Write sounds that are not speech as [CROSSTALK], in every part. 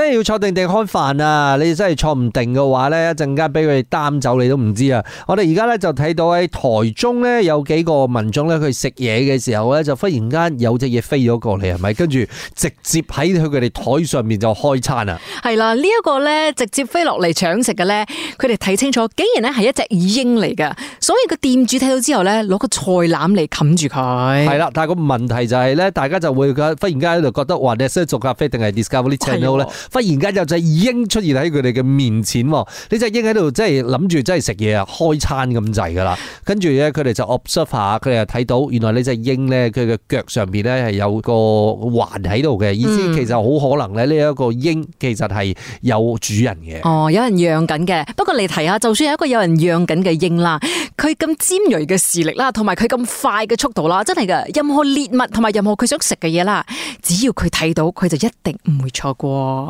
真係要坐定定開飯啊！你真係坐唔定嘅話咧，一陣間俾佢哋擔走你都唔知啊！我哋而家咧就睇到喺台中咧有幾個民眾咧，佢食嘢嘅時候咧，就忽然間有隻嘢飛咗過嚟，係咪？跟住直接喺佢哋台上面就開餐啊！係啦，呢、這、一個咧直接飛落嚟搶食嘅咧，佢哋睇清楚，竟然咧係一隻鷹嚟嘅，所以個店主睇到之後咧，攞個菜籃嚟冚住佢。係啦，但係個問題就係咧，大家就會忽然間喺度覺得哇，你識做咖啡定係 Discovery 呢 channel 咧？忽然間就隻鷹出現喺佢哋嘅面前，呢隻鷹喺度，真係諗住真係食嘢啊，開餐咁滯噶啦。跟住咧，佢哋就 observe 下，佢哋又睇到，原來呢隻鷹咧，佢嘅腳上邊咧係有個環喺度嘅，意思其實好可能咧，呢一個鷹其實係有主人嘅，嗯、哦，有人養緊嘅。不過你睇下，就算有一個有人養緊嘅鷹啦，佢咁尖銳嘅視力啦，同埋佢咁快嘅速度啦，真係噶。任何獵物同埋任何佢想食嘅嘢啦，只要佢睇到，佢就一定唔會錯過。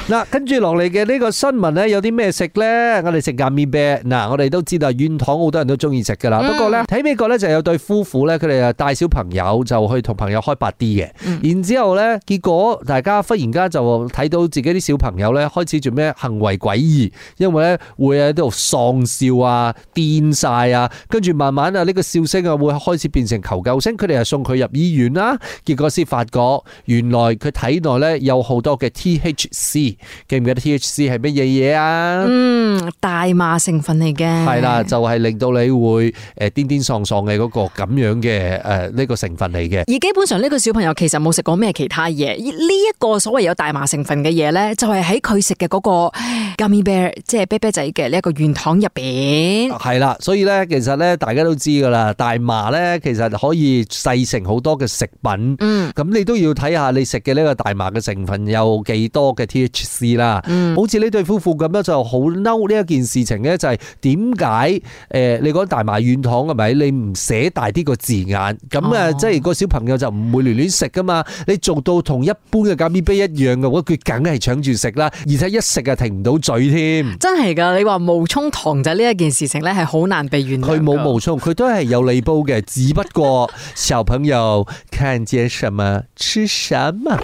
嗱，跟住落嚟嘅呢個新聞咧，有啲咩食咧？我哋食亞米餅。嗱，我哋都知道軟糖好多人都中意食噶啦。不過咧，喺、嗯、美國咧就有對夫婦咧，佢哋啊帶小朋友就去同朋友開派啲嘅。然之後咧，結果大家忽然間就睇到自己啲小朋友咧開始做咩行為詭異，因為咧會喺度喪笑啊、癲晒啊，跟住慢慢啊呢個笑聲啊會開始變成求救聲。佢哋就送佢入醫院啦，結果先發覺原來佢體內咧有好多嘅 THC。記唔記得 THC 係乜嘢嘢啊？嗯，大麻成分嚟嘅。係啦，就係令到你會誒顛顛喪喪嘅嗰個咁樣嘅誒呢個成分嚟嘅。而基本上呢個小朋友其實冇食過咩其他嘢，呢一個所謂有大麻成分嘅嘢咧，就係喺佢食嘅嗰個 Gummy Bear 即係啤啤仔嘅呢一個軟糖入邊。係啦，所以咧其實咧大家都知噶啦，大麻咧其實可以細成好多嘅食品。嗯，咁你都要睇下你食嘅呢個大麻嘅成分有幾多嘅 TH。事啦，好似呢對夫婦咁樣就好嬲呢一件事情呢，就係點解誒？你講大麻軟糖係咪？你唔寫大啲個字眼咁啊，哦、即係個小朋友就唔會亂亂食噶嘛。你做到同一般嘅咖啡杯一樣嘅話，佢梗係搶住食啦，而且一食就停唔到嘴添。真係噶，你話冒充糖仔呢一件事情呢，係好難被原諒。佢冇冒充，佢都係有利煲嘅， [LAUGHS] 只不過小朋友看見什麼吃什麼。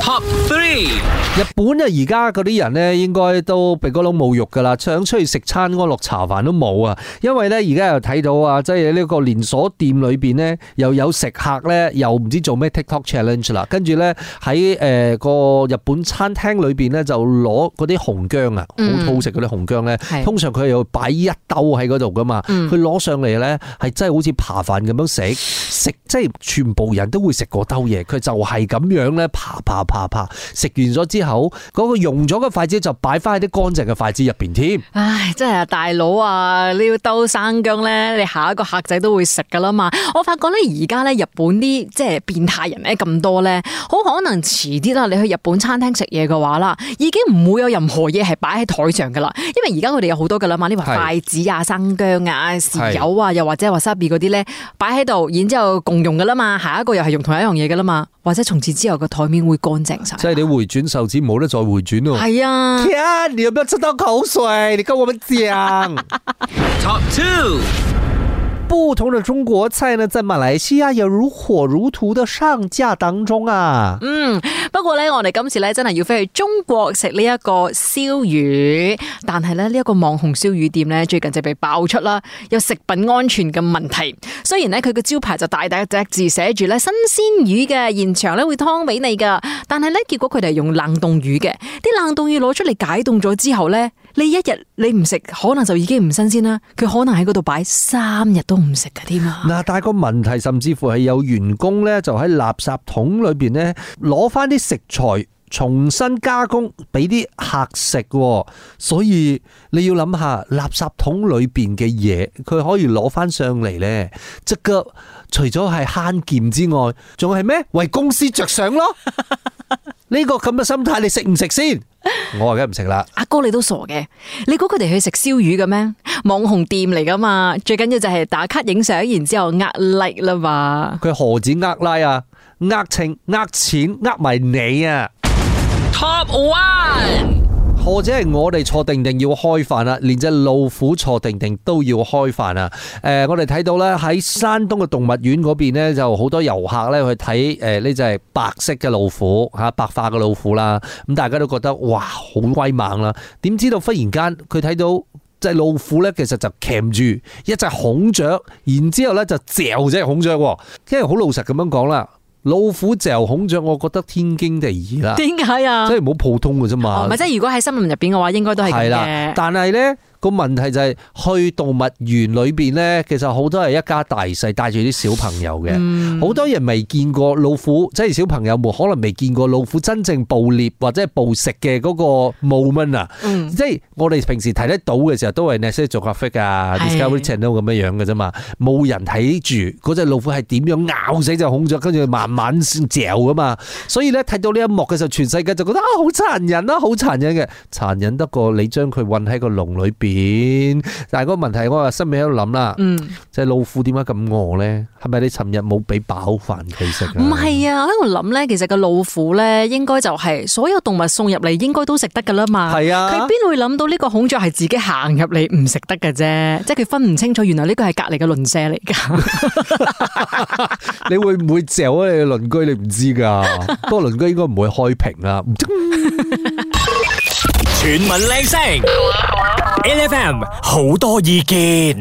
Top three，日本啊，而家嗰啲人咧，應該都被嗰種侮辱噶啦，想出去食餐安樂茶飯都冇啊！因為咧，而家又睇到啊，即係呢個連鎖店裏邊咧，又有食客咧，又唔知做咩 TikTok challenge 啦。跟住咧，喺誒個日本餐廳裏邊咧，就攞嗰啲紅薑啊，好好食嗰啲紅薑咧。通常佢又擺一兜喺度噶嘛，佢攞、嗯、上嚟咧，係真係好似扒飯咁樣食，食即係全部人都會食嗰兜嘢，佢就係咁樣咧扒扒。怕怕，食完咗之後，嗰個融咗嘅筷子就擺翻喺啲乾淨嘅筷子入邊添。唉，真係啊，大佬啊，呢刀生薑咧，你下一個客仔都會食噶啦嘛。我發覺咧，而家咧日本啲即係變態人咧咁多咧，好可能遲啲啦。你去日本餐廳食嘢嘅話啦，已經唔會有任何嘢係擺喺台上噶啦，因為而家佢哋有好多噶啦嘛，例如是的 筷子啊、生薑啊、豉油啊，又或者話沙貝嗰啲咧擺喺度，然之後共用噶啦嘛，下一個又係用同一樣嘢噶啦嘛。或者從此之後個台面會乾淨晒，即係你回轉手指冇得再回轉咯。係啊，天、哎呀！你有冇有食到口水？你跟我哋講。Top two， [LAUGHS] [LAUGHS] 不同嘅中國菜呢，在馬來西亞有如火如荼嘅上架當中啊。嗯。不過咧，我哋今次咧真係要飛去中國食呢一個燒魚，但係咧呢一個網紅燒魚店咧最近就被爆出啦，有食品安全嘅問題。雖然咧佢個招牌就大大隻字寫住咧新鮮魚嘅，現場咧會劏俾你噶，但係咧結果佢哋係用冷凍魚嘅，啲冷凍魚攞出嚟解凍咗之後咧。你一日你唔食，可能就已經唔新鮮啦。佢可能喺嗰度擺三日都唔食噶添啊！嗱，但係個問題，甚至乎係有員工呢，就喺垃圾桶裏邊呢攞翻啲食材重新加工俾啲客食。所以你要諗下，垃圾桶裏邊嘅嘢，佢可以攞翻上嚟呢。即刻除咗係慳錢之外，仲係咩？為公司着想咯。 [LAUGHS] 呢個咁嘅心態，你食唔食先？我而家唔食啦。阿哥你都傻嘅，你估佢哋去食燒魚嘅咩？網紅店嚟噶嘛？最緊要就係打卡影相，然之後呃 like 啦嘛。佢何止呃 like 啊？呃情、呃錢、呃埋你啊！Top one。或者係我哋坐定定要開飯啦，連隻老虎坐定定都要開飯啊！誒、呃，我哋睇到咧，喺山東嘅動物園嗰邊咧，就好多遊客咧去睇誒，呢隻白色嘅老虎吓，白化嘅老虎啦。咁大家都覺得哇，好威猛啦！點知道忽然間佢睇到隻老虎咧，其實就鉗住一隻孔雀，然之後咧就嚼隻孔雀喎，即係好老實咁樣講啦。老虎嚼孔雀，我覺得天經地義啦。點解啊？即係唔好普通嘅啫嘛。唔係，即係如果喺新聞入邊嘅話，應該都係嘅。係啦，但係咧。個問題就係去動物園裏邊咧，其實好多係一家大細帶住啲小朋友嘅，好多人未見過老虎，即係小朋友們可能未見過老虎真正捕獵或者捕食嘅嗰個 moment 啊！即係我哋平時睇得到嘅時候，都係 Nature、Zoo、Discovery Channel 咁樣樣嘅啫嘛，冇人睇住嗰隻老虎係點樣咬死隻孔雀，跟住慢慢嚼噶嘛。所以咧睇到呢一幕嘅時候，全世界就覺得啊好殘忍啊，好殘忍嘅，殘忍得過你將佢困喺個籠裏邊。但係嗰個問題我，我話心喺度諗啦，即係老虎點解咁餓咧？係咪你尋日冇俾飽飯佢食？唔係啊，我喺度諗咧。其實個老虎咧，應該就係所有動物送入嚟，應該都食得噶啦嘛。係啊，佢邊會諗到呢個孔雀係自己行入嚟唔食得噶啫？即係佢分唔清楚，原來呢個係隔籬嘅鄰舍嚟噶。 [LAUGHS] [LAUGHS] [LAUGHS] 你會唔會嚼你鄰居？你唔知噶，但鄰 [LAUGHS] 居應該唔會開屏啦。 [LAUGHS] 全民靚聲。L.F.M. 好多意見。